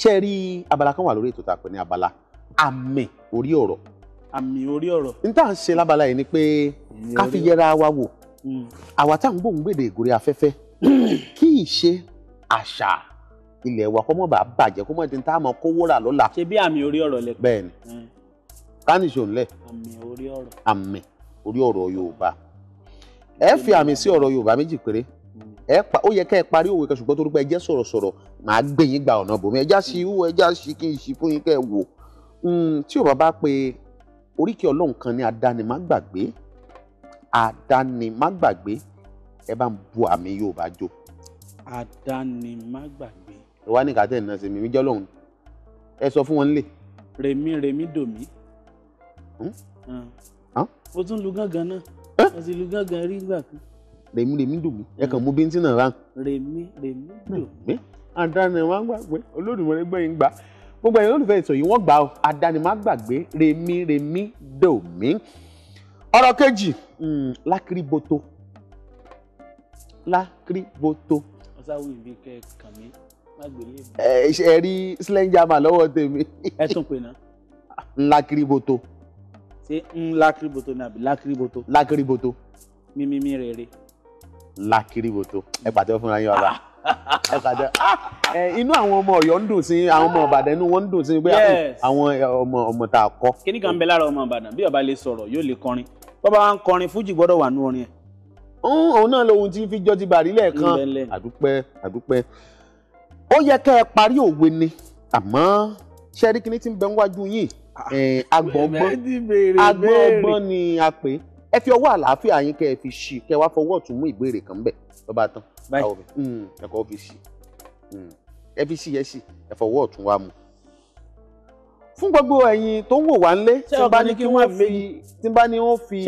ṣe rí abala kan wà lórí ètò tàpẹ́ ní abala àmì orí ọ̀rọ̀. àmì orí ọ̀rọ̀. n tá à ń ṣe lábala yìí ni pé ká fi yẹra wa wò hmm. àwa tá à ń gbòǹgbèdè ìgòrè afẹ́fẹ́ kí ì ṣe àṣà ilé wa kó mọ̀ bá bàjẹ́ kó mọ̀ di tá a mọ̀ kówó rà lọ́la. ṣe bí àmì orí ọ̀rọ̀ lẹ. bẹ́ẹ̀ni hmm. kánìṣó ńlẹ. àmì orí ọ̀rọ̀. àmì orí ọ̀rọ̀ yorùbá ẹ fi àmì sí ọ̀rọ̀ yorùbá méjì péré ẹ pa ó yẹ ká ẹ parí òwe kan ṣùgbọ́n torí pé ẹ jẹ́ sọ̀rọ̀sọ̀rọ̀ màá gbé yín gba ọ̀nà bòmí ẹjá sí wú ẹjá sí kí n sì fún yín kẹ́ ẹ wò hmm, tí ò bá bá pe oríkì ọlọ́run kan ní adánimágbàgbé adánimágbàgbé ẹ bá ń bu àmì Yorùbá jó. adánimágbàgbé. ẹ wá ní kàtẹ́ ìná sí mi mi jẹ́ ọlọ́run ẹ sọ fún wọn nílé. rèmi rèmi dòmí. Hmm? ó tún lu gángan náà ó sì lu gángan rí gbà kan rèmi rèmi dùnmí ẹ kàn hmm. mú bíntín náà rán. rèmi rèmi hmm. dùnmí. àdáni wọn gbàgbé olódùmarè gbẹ̀yìn gbà gbogbo ẹ̀yin olólùfẹ́ ètò yìí wọ́n gbà ó àdáni má gbàgbé rèmi rèmi dùnmí. ọ̀rọ̀ kejì lákìrìbọ̀tò hmm, lákìrìbọ̀tò. ọ̀sá wo ìbí kẹ́ ẹ kàn mí má gbélé. ẹ rí slenderma lọ́wọ́ tèmi. ẹ tún pè ná. lákìrìbọ̀tò ṣé ń lákìrìbọ̀tò ni àbí lákìrìbọ̀tò. lákìrìbọ̀tò. mímímí rere lákìrìwòtò ẹ pàtẹ́wọ́ fúnra yín ọba ẹ pàtẹ́ ah! inú àwọn ọmọ Ọ̀yọ́ ń dùn sí àwọn ọmọ Ìbàdàn inú wọn ń dùn sí pé àwọn ọmọ ọmọ tá a kọ. kíní kan bẹ lára ọmọ Ìbàdàn bí ọba lè sọ̀rọ̀ yóò lè kọrin bọ́ba wa ń kọrin fújì gbọ́dọ̀ wà nú orin ẹ̀. òun náà lohun tí fi jọ ti bàrí lẹ́ẹ̀kan àdúpẹ́ àdúpẹ́ ó yẹ kẹ́ ẹ parí òwe ni àmọ́ ṣẹ́rí kíní ti ń bẹ níwájú yìí ah. agbọ̀ngbọ́n agbọ̀ngbọ́n ni a pè é ẹ fi ọwọ́ àlàáfíà yín kẹ́ ẹ fi ṣí kẹ́ ẹ wá fọwọ́ ọ̀tún mú ìbéèrè kan bẹ̀ tó bá tán ẹ̀kọ́ hmm, hmm, fi ṣí ẹ fi ṣí yẹ ṣí ẹ fọwọ́ ọ̀tún wá mu. fún gbogbo ẹ̀yin tó ń wò wá ńlé tí bá ní kí wọ́n fi tí bá ní wọ́n fi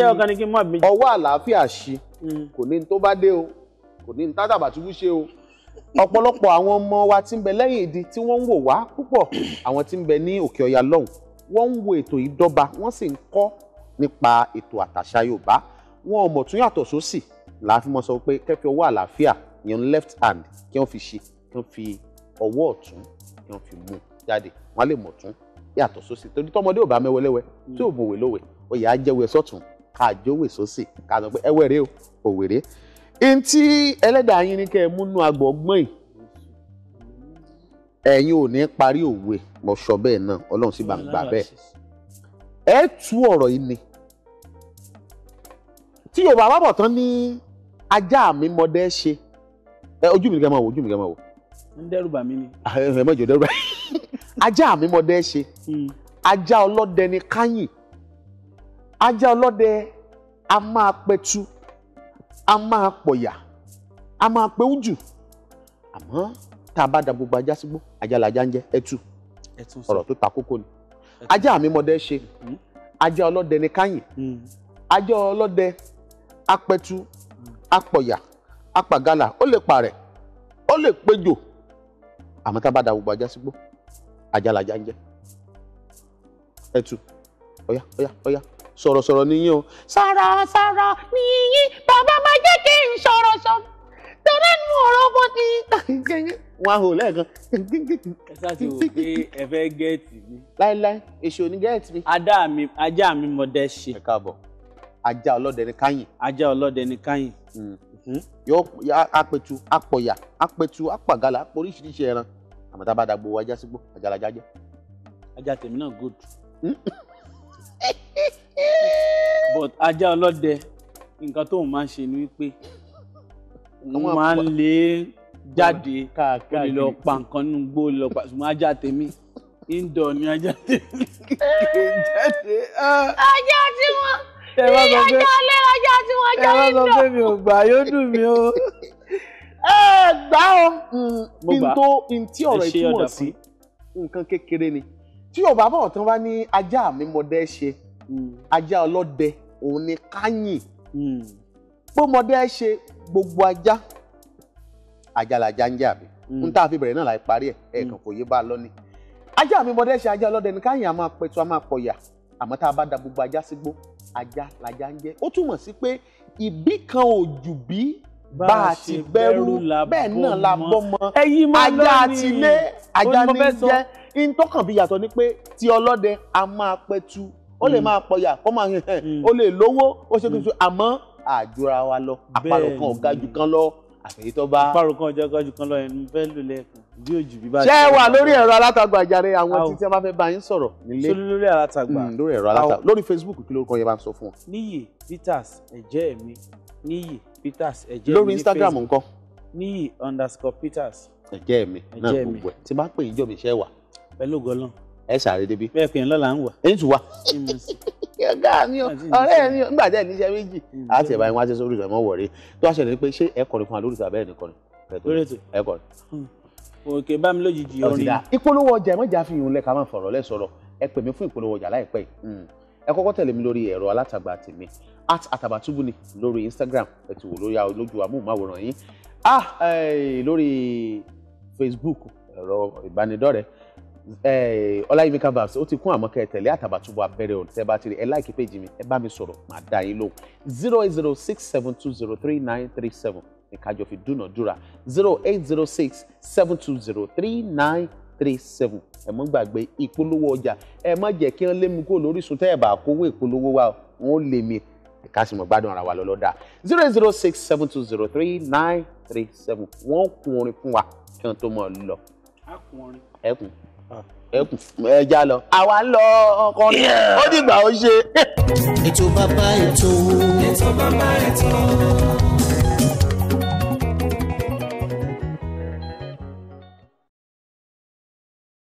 ọwọ́ àlàáfíà ṣí hmm. kò ní tó bá dé o kò ní tátàbàtúbú ṣe o ọ̀pọ̀lọpọ̀ àwọn ọmọ wa tí ń bẹ lẹ́yìn ìdí tí wọ́n ń wò wá púpọ̀ àwọn tí ń bẹ ní òkè ọ̀yà lọ́hùn wọ́n ń wo ètò ìdọ́ba wọ́n sì ń kọ́ nípa ètò àtàṣà Yorùbá wọn ò mọ̀ tún yàtọ̀ sósì làáfin mọ́ sọ pé kẹ́fí ọwọ́ àlàáfíà yẹn left hand kí wọ́n fi ṣe kí wọ́n fi ọwọ́ ọ̀tún kí wọ́n fi mú jáde wọ́n á lè mọ̀ tún yàtọ̀ sósì torí tọmọdé ò bá mẹ́wẹ́lẹ́wẹ́ tí ò mọ̀wé lówe oyè á jẹ́wé sọ́tún ká jówè sósì ká sọ pé ẹwẹ́ rèé o òwe rèé n tí ẹlẹ́dàá yín ní kẹ́ ẹ múnú agbọ̀ngbọ̀n yìí ẹ̀yin ò ní parí òwe mọ̀ṣọ́ bẹ́ẹ̀ náà ọlọ́run sì bá ń gbà bẹ́ẹ̀ ẹ tú ọ̀rọ̀ yìí ni tí Yorùbá bá bọ̀ tán ní ajá mi mọdẹ ṣe ẹ ojú mi gẹ́gẹ́ máa wò ojú mi gẹ́gẹ́ máa wò. ń dẹ́rùbà mi ni. Ah, ẹ mọ̀jọ dẹ́rùbà ajá mi mọdẹ ṣe hmm. ajá ọlọ́dẹ ni káyìn ajá ọlọ́dẹ a máa pẹtu a máa pọ̀yà a máa pẹ́ ojú àmọ́ tá a bá da gbogbo ajá sígbó ajá làjá ń jẹ ẹtù ọ̀rọ̀ tó ta kókó ni ajá mi mọdẹ ṣe hmm. ajá ọlọ́dẹ ni káyìn hmm. ajá ọlọ́dẹ apẹtu apọ̀yà apàgalà ó lè parẹ̀ ó lè péjò àmọ́ tá a bá da gbogbo ajá sígbó ajá ń jẹ́ ẹtù ọ̀yá ọ̀yá ọ̀yá sọ̀rọ̀sọ̀rọ̀ nìyí o sọ̀rọ̀sọ̀rọ̀ nìyí bàbá máa jẹ́ kí n sọ̀rọ̀ sọ torí nu ọ̀rọ̀ bó ti wọn hò lẹ́ẹ̀kan. kẹsà ti wò pé ẹ fẹ́ gẹ́ẹ̀tì mi. láéláé èso ò ní gẹ́ẹ̀tì mi. ajá mi ajá ṣe. ẹ káàbọ̀ ajá ọlọ́dẹ ní káyìn. ajá ọlọ́dẹ ní káyìn. Hmm. Mhm. yóò apẹtu apọ̀yà apẹtu apàgàlà oríṣiríṣi ẹran àmọ́ tá a bá dàgbò ajá sígbó ajá lajá jẹ́. ajá tèmi náà good. Hmm. but ajá ọlọ́dẹ nǹkan tóun máa ń ṣe ni wípé wọ́n máa ń lé jáde káàkiri lọ pa nǹkan nínú gbó lọ pa ṣùgbọ́n ajá tèmi indoor ni ajá tèmi kéèké jáde. Ah. ajá tí ẹ má sọ pé ẹ má sọ pé mi ò gbà yóò dùn mí o ẹ gbà ó ntó ntí ọ̀rọ̀ ìtumọ̀ sí nǹkan kékeré ni tí yorùbá bọ̀ tán bá ní ajá mi mọdẹ ṣe mm. ajá ọlọ́dẹ òun ni káyìn mm. pé mọdẹ ṣe gbogbo ajá ajá làjá ń jà mí mm. n tá a fi bẹ̀rẹ̀ náà láì parí ẹ̀ ẹ̀ kàn fòye bá a lọ ni ajá mi mọdẹ ṣe ajá ọlọ́dẹ ni káyìn a máa pẹ̀tù a máa pọ̀yà àmọ́ tá a bá da gbogbo ajá sígbó ajá lajá ń jẹ́ ó túmọ̀ sí pé ìbí kan ò jù bí bá a ti bẹ̀rù bẹ́ẹ̀ náà la bọ́ mọ́ ajá àti ilé ajá ní jẹ́ in tó kàn bí yàtọ̀ ni pé ti ọlọ́dẹ a máa pẹ̀tù ó lè mm. máa pọ̀yà ó máa hẹ̀hẹ̀ mm. ó lè lówó ó ṣe tuntun mm. àmọ́ àjọra wa lọ àparò kan ò jù kan lọ àfẹ̀yí tó bá. pàrọ̀ kan ọjọ́ kan jù kan lọ ẹnu fẹ́ lù lẹ́ẹ̀kan bí òjì bí bá. ṣé ẹ wà lórí ẹ̀rọ alátagbà jàre àwọn tí tí máa fẹ́ bá yín sọ̀rọ̀ nílé. sórí lórí alátagbà. lórí ẹ̀rọ alátagbà hmm, lórí Facebook kí lórúkọ yẹn bá ń sọ fún wọn. níyì Peters ẹ̀jẹ̀ mi níyì Peters ẹ̀jẹ̀ mi lórí Instagram ńkọ́. níyì underscore Peters. ẹ̀jẹ̀ mi náà gbogbo ẹ̀ tí bá pè é jọ̀mí ṣẹ́ wà. pẹ̀lú gọlọ́n. ẹ sàrédébí. bẹ́ẹ̀ pè é lọ́la ọ̀gá mi o ọ̀rẹ́ mi o nígbà tẹ́ ẹ̀ níṣẹ́ méjì àti ẹ̀bá yín wá sí sórí ìṣẹ̀ mọ́ wọ̀rí tó a ṣẹlẹ̀ ni pé ṣé ẹ̀kọ́ nìkan àlórí ìṣẹ̀ abẹ́rẹ́ nìkan ni ẹ̀kọ́ òkè bá mi lójijì orin. ìpolówó ọjà ìmọ̀jà fi ìhun lẹ́ka máa fọ̀rọ̀ lẹ́ sọ̀rọ̀ ẹ pè mí fún ìpolówó ọjà láìpẹ́ yìí hmm. ẹ kọ́kọ́ tẹ̀lé mi lórí ẹ̀rọ alátagbà tèmi at àtàbàtúbù ni lórí Instagram ẹ ti wò lórí lójú amóhùnmáwòrán yín ah eh, lórí Facebook ẹ̀rọ ìbánidọ́rẹ̀ẹ́ ọláyími eh, canvas ó ti kún àmọ́ kẹ́ ẹ tẹ̀lé àtàbàtúbọ̀ abẹ́rẹ́ ọ̀hún tẹ́ bá ti rí ẹ láìkí péjì mi ẹ bá mi sọ̀rọ̀ màá dá yín lóhùn zero eight zero six seven two zero three nine three seven ní kájọ fi dúnàdúrà zero eight zero six seven two zero three nine three seven ẹ mọ́ gbàgbé ìpolówó ọjà ẹ má jẹ́ kí wọ́n lé mi kó lóríṣun tẹ́ ẹ bá kówó ìpolówó wa wọ́n lé mi ká sì mọ̀ gbádùn ara wa lọ́lọ́dà zero eight zero six seven two zero three nine three seven wọ́n kun orin fún wa kí wọ́n tó mọ̀ lọ. a orin. ẹ ẹkù ẹja lọ àwa ń lọ ọkùnrin ó dìgbà ó ṣe. ètò bàbá ètò ètò bàbá ètò.